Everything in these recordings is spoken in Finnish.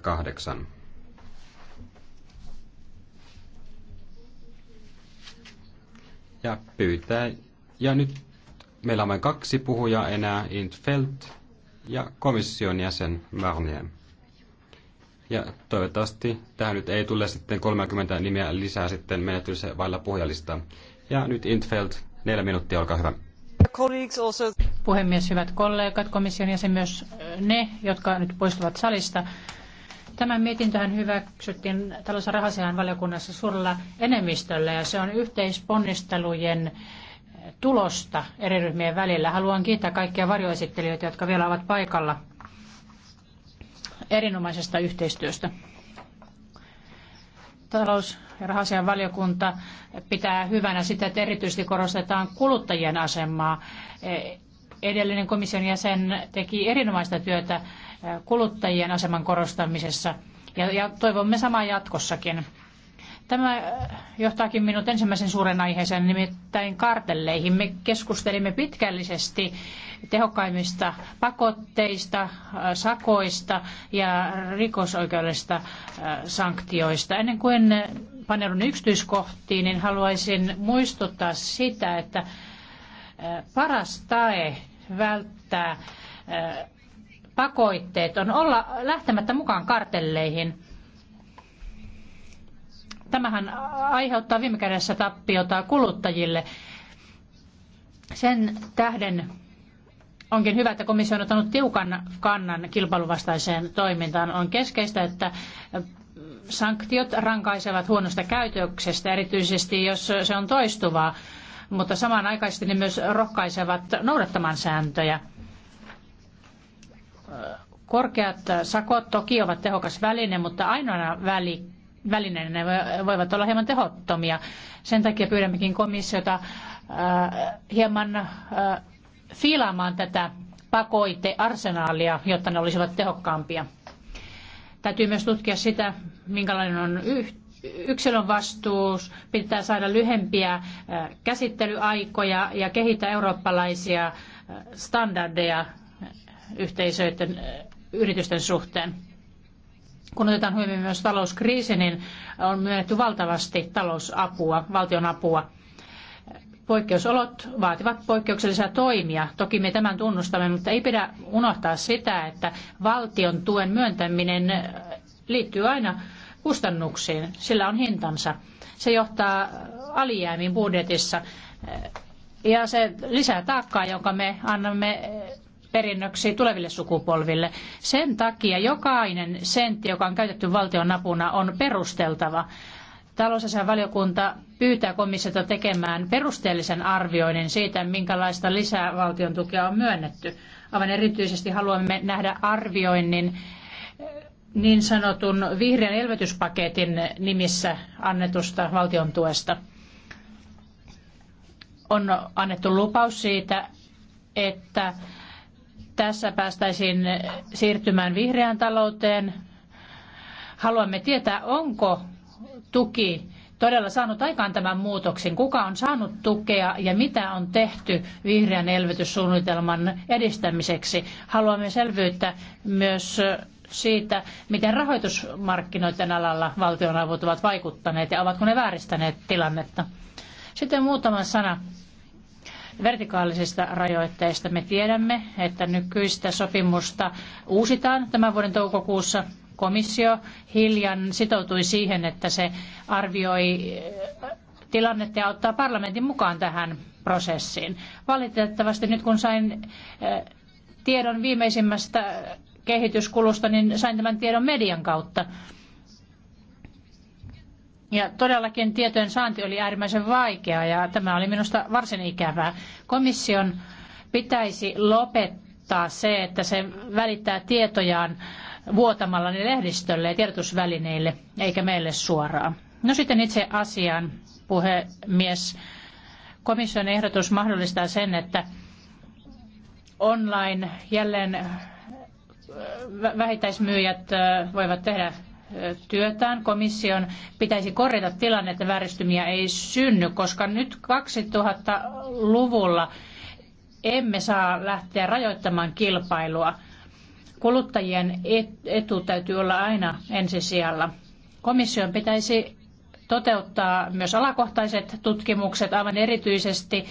kahdeksan. Ja pyytää, ja nyt meillä on vain kaksi puhujaa enää, Intfeld ja komission jäsen Barnier. Ja toivottavasti tähän nyt ei tule sitten 30 nimeä lisää sitten menetyssä vailla puhujalista. Ja nyt Intfeld, neljä minuuttia, olkaa hyvä. Puhemies, hyvät kollegat, komission jäsen myös ne, jotka nyt poistuvat salista. Tämä mietintöhän hyväksyttiin talous- ja rahasian valiokunnassa suurella enemmistöllä ja se on yhteisponnistelujen eh, tulosta eri ryhmien välillä. Haluan kiittää kaikkia varjoesittelijöitä, jotka vielä ovat paikalla erinomaisesta yhteistyöstä. Talous- ja rahasian valiokunta pitää hyvänä sitä, että erityisesti korostetaan kuluttajien asemaa. Eh, edellinen komission jäsen teki erinomaista työtä kuluttajien aseman korostamisessa ja, ja toivomme samaa jatkossakin. Tämä äh, johtaakin minut ensimmäisen suuren aiheeseen, nimittäin kartelleihin. Me keskustelimme pitkällisesti tehokkaimmista pakotteista, äh, sakoista ja rikosoikeudellisista äh, sanktioista. Ennen kuin paneudun yksityiskohtiin, niin haluaisin muistuttaa sitä, että paras tae välttää pakotteet on olla lähtemättä mukaan kartelleihin. Tämähän aiheuttaa viime kädessä tappiota kuluttajille. Sen tähden onkin hyvä, että komissio on ottanut tiukan kannan kilpailuvastaiseen toimintaan. On keskeistä, että sanktiot rankaisevat huonosta käytöksestä, erityisesti jos se on toistuvaa, mutta samanaikaisesti ne myös rohkaisevat noudattamaan sääntöjä. Korkeat sakot toki ovat tehokas väline, mutta ainoana väli, välineenä ne voivat olla hieman tehottomia. Sen takia pyydämmekin komissiota äh, hieman äh, fiilaamaan tätä pakoitearsenaalia, jotta ne olisivat tehokkaampia. Täytyy myös tutkia sitä, minkälainen on yksilön vastuus, pitää saada lyhempiä äh, käsittelyaikoja ja kehittää eurooppalaisia standardeja yhteisöiden yritysten suhteen. Kun otetaan huomioon myös talouskriisi, niin on myönnetty valtavasti talousapua, valtionapua. Poikkeusolot vaativat poikkeuksellisia toimia. Toki me tämän tunnustamme, mutta ei pidä unohtaa sitä, että valtion tuen myöntäminen liittyy aina kustannuksiin. Sillä on hintansa. Se johtaa alijäämiin budjetissa ja se lisää taakkaa, jonka me annamme perinnöksi tuleville sukupolville. Sen takia jokainen sentti, joka on käytetty valtion apuna, on perusteltava. valiokunta pyytää komissiota tekemään perusteellisen arvioinnin siitä, minkälaista lisää valtion tukea on myönnetty. Aivan erityisesti haluamme nähdä arvioinnin eh, niin sanotun vihreän elvytyspaketin nimissä annetusta valtion tuesta. On annettu lupaus siitä, että tässä päästäisiin siirtymään vihreään talouteen. Haluamme tietää, onko tuki todella saanut aikaan tämän muutoksen? Kuka on saanut tukea ja mitä on tehty vihreän elvytyssuunnitelman edistämiseksi? Haluamme selvyyttä myös siitä, miten rahoitusmarkkinoiden alalla valtionavut ovat vaikuttaneet ja ovatko ne vääristäneet tilannetta. Sitten muutama sana vertikaalisista rajoitteista. Me tiedämme, että nykyistä sopimusta uusitaan tämän vuoden toukokuussa. Komissio hiljan sitoutui siihen, että se arvioi äh, tilannetta ja ottaa parlamentin mukaan tähän prosessiin. Valitettavasti nyt kun sain äh, tiedon viimeisimmästä kehityskulusta, niin sain tämän tiedon median kautta. Ja todellakin tietojen saanti oli äärimmäisen vaikeaa ja tämä oli minusta varsin ikävää. Komission pitäisi lopettaa se, että se välittää tietojaan vuotamalla ne lehdistölle ja tiedotusvälineille, eikä meille suoraan. No sitten itse asiaan, puhemies. Komission ehdotus mahdollistaa sen, että online jälleen vähittäismyyjät voivat tehdä työtään. Komission pitäisi korjata tilanne, että vääristymiä ei synny, koska nyt 2000-luvulla emme saa lähteä rajoittamaan kilpailua. Kuluttajien etu täytyy olla aina ensisijalla. Komission pitäisi toteuttaa myös alakohtaiset tutkimukset, aivan erityisesti eh,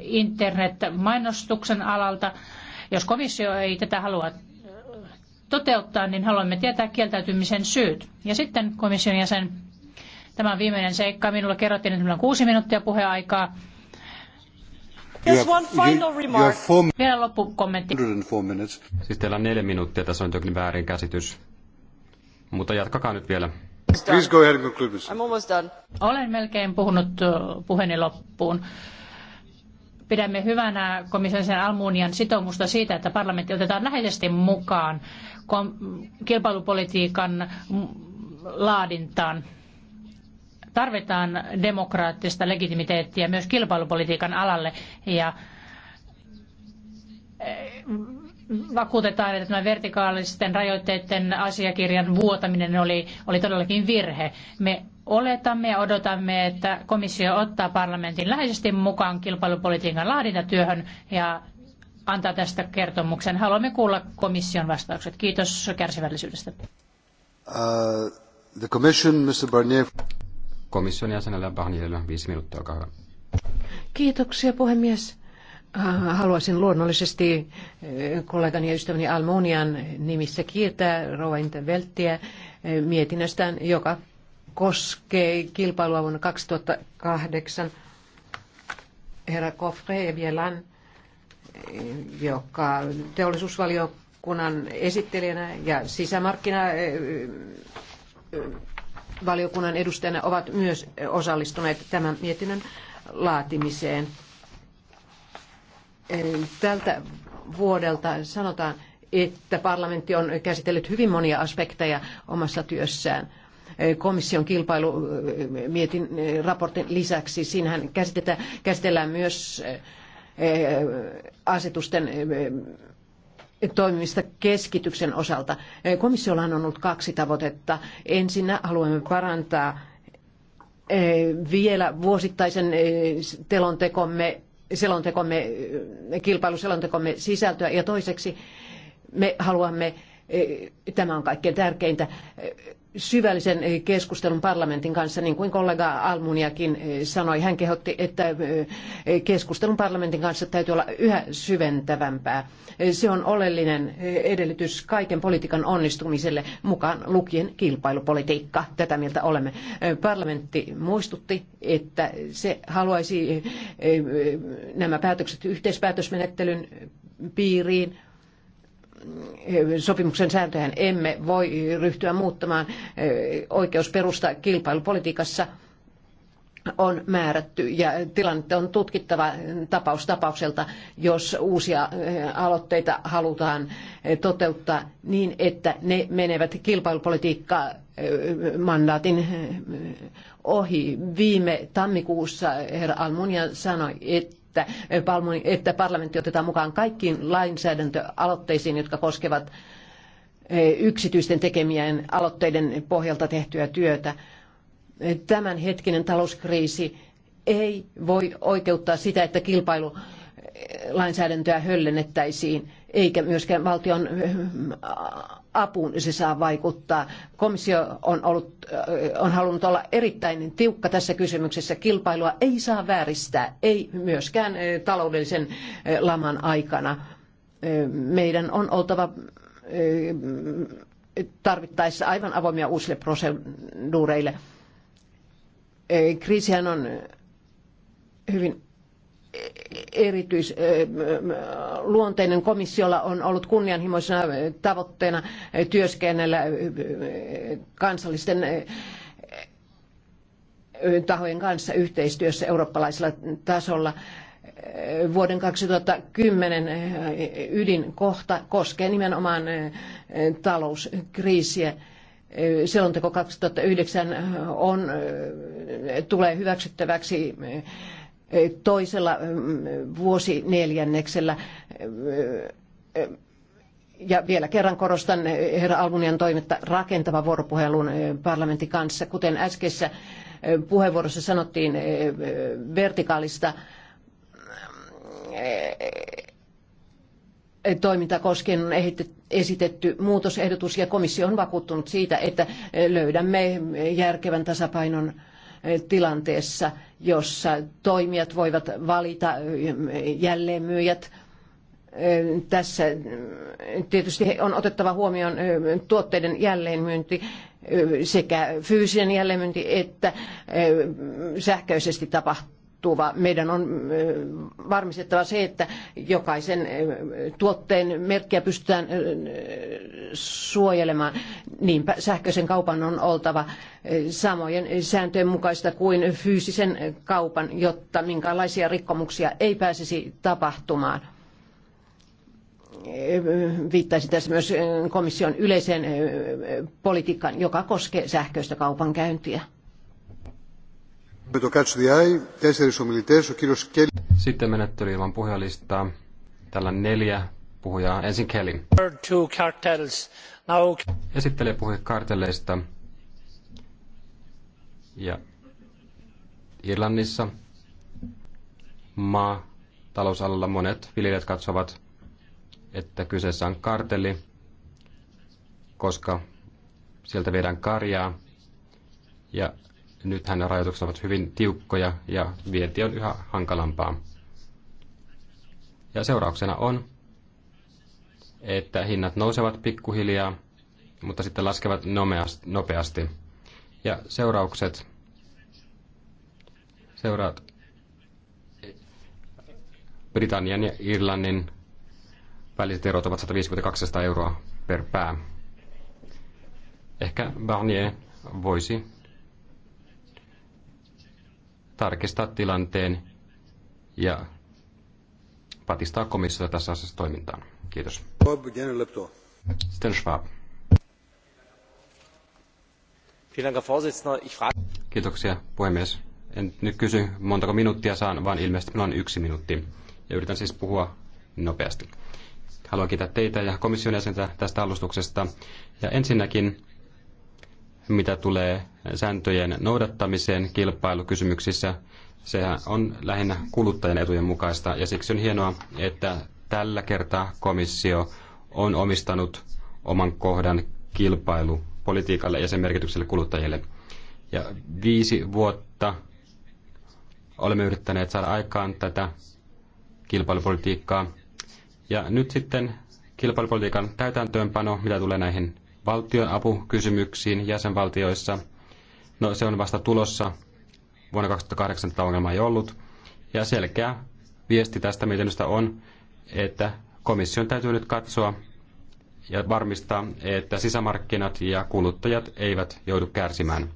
internet-mainostuksen alalta. Jos komissio ei tätä halua toteuttaa, niin haluamme tietää kieltäytymisen syyt. Ja sitten komission jäsen, tämä on viimeinen seikka. Minulla kerrottiin, että minulla on kuusi minuuttia puheaikaa. Vielä loppukommentti. Siis teillä on neljä minuuttia, tässä on jokin käsitys, Mutta jatkakaa nyt vielä. Please go ahead and conclude. Olen melkein puhunut puheeni loppuun. Pidämme hyvänä komission sen Almunian sitoumusta siitä, että parlamentti otetaan läheisesti mukaan kilpailupolitiikan laadintaan. Tarvitaan demokraattista legitimiteettiä myös kilpailupolitiikan alalle ja eh, vakuutetaan, että tämä vertikaalisten rajoitteiden asiakirjan vuotaminen oli, oli todellakin virhe. Me oletamme ja odotamme, että komissio ottaa parlamentin läheisesti mukaan kilpailupolitiikan laadintatyöhön ja antaa tästä kertomuksen. Haluamme kuulla komission vastaukset. Kiitos kärsivällisyydestä. Uh, the commission, Mr. Barnier. Komission viisi minuuttia, olkaa hyvä. Kiitoksia puhemies. Äh, haluaisin luonnollisesti äh, kollegani ja ystäväni Almunian nimissä kiittää Rova Intervelttiä äh, mietinnöstään, joka koskee kilpailua vuonna 2008. Herra Kofre ja Vielan, joka teollisuusvaliokunnan esittelijänä ja sisämarkkina valiokunnan edustajana ovat myös osallistuneet tämän mietinnön laatimiseen tältä vuodelta sanotaan, että parlamentti on käsitellyt hyvin monia aspekteja omassa työssään komission kilpailumietin raportin lisäksi. Siinähän käsitellään myös eh, asetusten eh, toimimista keskityksen osalta. Komissiolla on ollut kaksi tavoitetta. Ensinnä haluamme parantaa eh, vielä vuosittaisen telontekomme selontekomme, kilpailuselontekomme sisältöä ja toiseksi me haluamme, tämä on kaikkein tärkeintä, syvällisen eh, keskustelun parlamentin kanssa, niin kuin kollega Almuniakin eh, sanoi. Hän kehotti, että eh, keskustelun parlamentin kanssa täytyy olla yhä syventävämpää. Se on oleellinen edellytys kaiken politiikan onnistumiselle, mukaan lukien kilpailupolitiikka. Tätä mieltä olemme. Parlamentti muistutti, että se haluaisi nämä päätökset yhteispäätösmenettelyn piiriin sopimuksen sääntöjä emme voi ryhtyä muuttamaan. Eh, oikeusperusta kilpailupolitiikassa on määrätty ja tilannetta on tutkittava tapaus tapaukselta, jos uusia eh, aloitteita halutaan eh, toteuttaa niin, että ne menevät kilpailupolitiikkaa mandaatin ohi. Viime tammikuussa herra Almunia sanoi, että että, eh, että parlamentti otetaan mukaan kaikkiin lainsäädäntöaloitteisiin, jotka koskevat eh, yksityisten tekemien aloitteiden pohjalta tehtyä työtä. Eh, tämänhetkinen talouskriisi ei voi oikeuttaa sitä, että kilpailu lainsäädäntöä höllennettäisiin, eikä myöskään valtion apuun se saa vaikuttaa. Komissio on, ollut, äh, on halunnut olla erittäin tiukka tässä kysymyksessä. Kilpailua ei saa vääristää, ei myöskään äh, taloudellisen äh, laman aikana. Meidän on oltava tarvittaessa aivan avoimia uusille proseduureille. Kriisihän on hyvin erityisluonteinen. Komissiolla on ollut kunnianhimoisena tavoitteena työskennellä kansallisten tahojen kanssa yhteistyössä eurooppalaisella tasolla. Vuoden 2010 ydinkohta koskee nimenomaan talouskriisiä selonteko 2009 on, tulee hyväksyttäväksi toisella mm, vuosineljänneksellä. Ja vielä kerran korostan herra Albunian toimetta rakentavan vuoropuhelun eh, parlamentin kanssa. Kuten äskeisessä eh, puheenvuorossa sanottiin eh, vertikaalista toiminta koskien on esitetty muutosehdotus ja komissio on vakuuttunut siitä, että löydämme järkevän tasapainon tilanteessa, jossa toimijat voivat valita jälleenmyyjät. Tässä tietysti on otettava huomioon tuotteiden jälleenmyynti sekä fyysinen jälleenmyynti että sähköisesti tapahtuva muuttuva. Meidän on varmistettava se, että jokaisen tuotteen merkkiä pystytään suojelemaan. Niinpä sähköisen kaupan on oltava samojen sääntöjen mukaista kuin fyysisen kaupan, jotta minkälaisia rikkomuksia ei pääsisi tapahtumaan viittaisi tässä myös komission yleiseen politiikkaan, joka koskee sähköistä kaupankäyntiä. Sitten menettely ilman puhujalistaa. Täällä on neljä puhujaa. Ensin Kelly. Esittelee puhe kartelleista. Ja Irlannissa maa talousalalla monet viljelijät katsovat, että kyseessä on kartelli, koska sieltä viedään karjaa ja nythän rajoitukset ovat hyvin tiukkoja ja vienti on yhä hankalampaa. Ja seurauksena on, että hinnat nousevat pikkuhiljaa, mutta sitten laskevat nopeasti. Ja seuraukset seuraat Britannian ja Irlannin väliset erot ovat 150-200 euroa per pää. Ehkä Barnier voisi tarkistaa tilanteen ja patistaa komissiota tässä asiassa toimintaan. Kiitos. Sten Schwab. Kiitoksia, puhemies. En nyt kysy, montako minuuttia saan, vaan ilmeisesti minulla on yksi minuutti. Ja yritän siis puhua nopeasti. Haluan kiittää teitä ja komission jäsentä tästä alustuksesta. Ja ensinnäkin mitä tulee sääntöjen noudattamiseen kilpailukysymyksissä. Sehän on lähinnä kuluttajien etujen mukaista ja siksi on hienoa, että tällä kertaa komissio on omistanut oman kohdan kilpailupolitiikalle ja sen merkitykselle kuluttajille. Ja viisi vuotta olemme yrittäneet saada aikaan tätä kilpailupolitiikkaa. Ja nyt sitten kilpailupolitiikan täytäntöönpano, mitä tulee näihin valtionapukysymyksiin jäsenvaltioissa. No se on vasta tulossa. Vuonna 2008 tätä ongelmaa ei ollut. Ja selkeä viesti tästä mietinnöstä on, että komission täytyy nyt katsoa ja varmistaa, että sisämarkkinat ja kuluttajat eivät joudu kärsimään.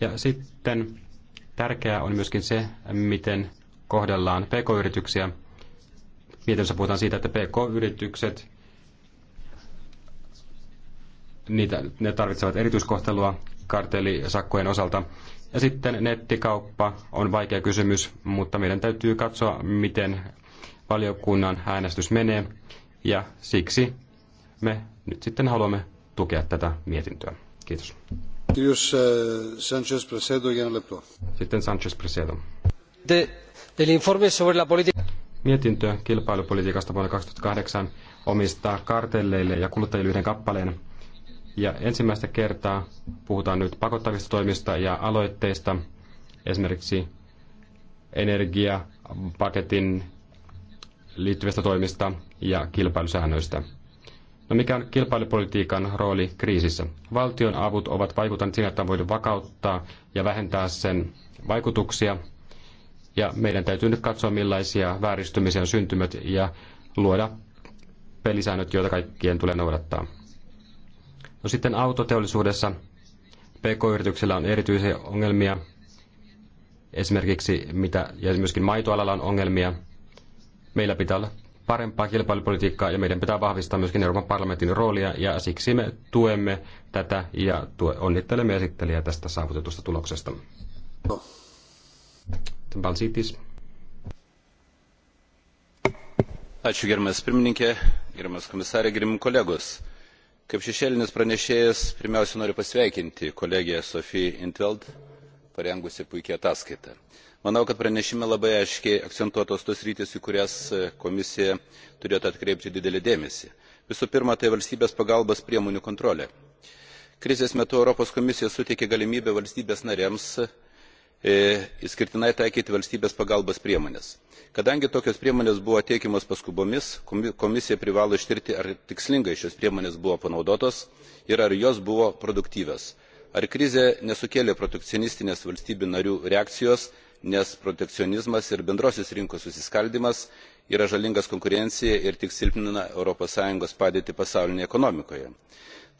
Ja sitten tärkeää on myöskin se, miten kohdellaan pk-yrityksiä. Mietinnössä puhutaan siitä, että pk-yritykset niitä, ne tarvitsevat erityiskohtelua kartellisakkojen osalta. Ja sitten nettikauppa on vaikea kysymys, mutta meidän täytyy katsoa, miten valiokunnan äänestys menee. Ja siksi me nyt sitten haluamme tukea tätä mietintöä. Kiitos. Kiitos Sanchez Presedo, Sitten Sanchez Presedo. De, del informe sobre la política... Mietintö kilpailupolitiikasta vuonna 2008 omistaa kartelleille ja kuluttajille yhden kappaleen ja ensimmäistä kertaa puhutaan nyt pakottavista toimista ja aloitteista, esimerkiksi energiapaketin liittyvistä toimista ja kilpailusäännöistä. No mikä on kilpailupolitiikan rooli kriisissä? Valtion avut ovat vaikuttaneet siinä, että voidaan vakauttaa ja vähentää sen vaikutuksia. Ja meidän täytyy nyt katsoa, millaisia vääristymisiä on syntynyt ja luoda pelisäännöt, joita kaikkien tulee noudattaa. No sitten autoteollisuudessa PK-yrityksillä on erityisiä ongelmia, esimerkiksi mitä, ja myöskin maitoalalla on ongelmia. Meillä pitää olla parempaa kilpailupolitiikkaa ja meidän pitää vahvistaa myöskin Euroopan parlamentin roolia ja siksi me tuemme tätä ja tue, onnittelemme esittelijää tästä saavutetusta tuloksesta. Balsitis. Ačiū gerbiamas pirmininkė, gerbiamas komisarė, gerbiami kolegos kaip šešėlinis pranešėjas pirmiausia noriu pasveikinti kolegę sofiją in 't veld parengusią puikią ataskaitą. manau kad pranešime labai aiškiai akcentuotos tos sritys į kurias e, komisija turėtų atkreipti didelį dėmesį. visų pirma tai valstybės pagalbos priemonių kontrolė. krizės metu europos komisija suteikė galimybę valstybės narėms E, išskirtinai taikyti valstybės pagalbos priemones. kadangi tokios priemonės buvo teikiamos paskubomis komisija privalo ištirti ar tikslingai šios priemonės buvo panaudotos ir ar jos buvo produktyvios ar krizė nesukėlė protekcionistinės valstybių narių reakcijos nes protekcionizmas ir bendrosios rinkos susiskaldymas yra žalingas konkurencijai ir tik silpnina europos sąjungos padėtį pasaulinėje ekonomikoje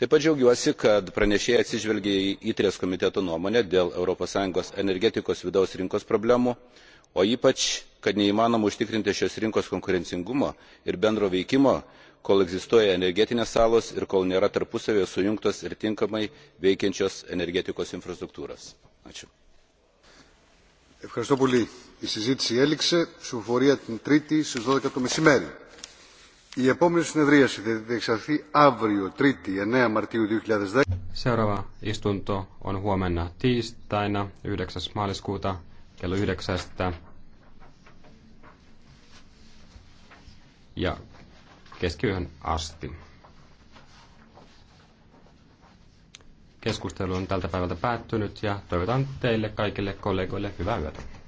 taip pat džiaugiuosi kad pranešėjai atsižvelgė į itre komiteto nuomonę dėl europos sąjungos energetikos vidaus rinkos problemų o ypač kad neįmanoma užtikrinti šios rinkos konkurencingumo ir bendro veikimo kol egzistuoja energetinės salos ir kol nėra tarpusavyje sujungtos ir tinkamai veikiančios energetikos infrastruktūros. ačiū. Ευχαριστώ πολύ. Η συζήτηση έληξε. Ψηφοφορία την Τρίτη στις 12 το μεσημέρι. Η επόμενη συνεδρίαση θα αύριο, 9 Μαρτίου 2010. Seuraava istunto on huomenna tiistaina 9. maaliskuuta kello 9. ja keskiyön asti. Keskustelu on tältä päivältä päättynyt ja toivotan teille kaikille kollegoille hyvää yötä.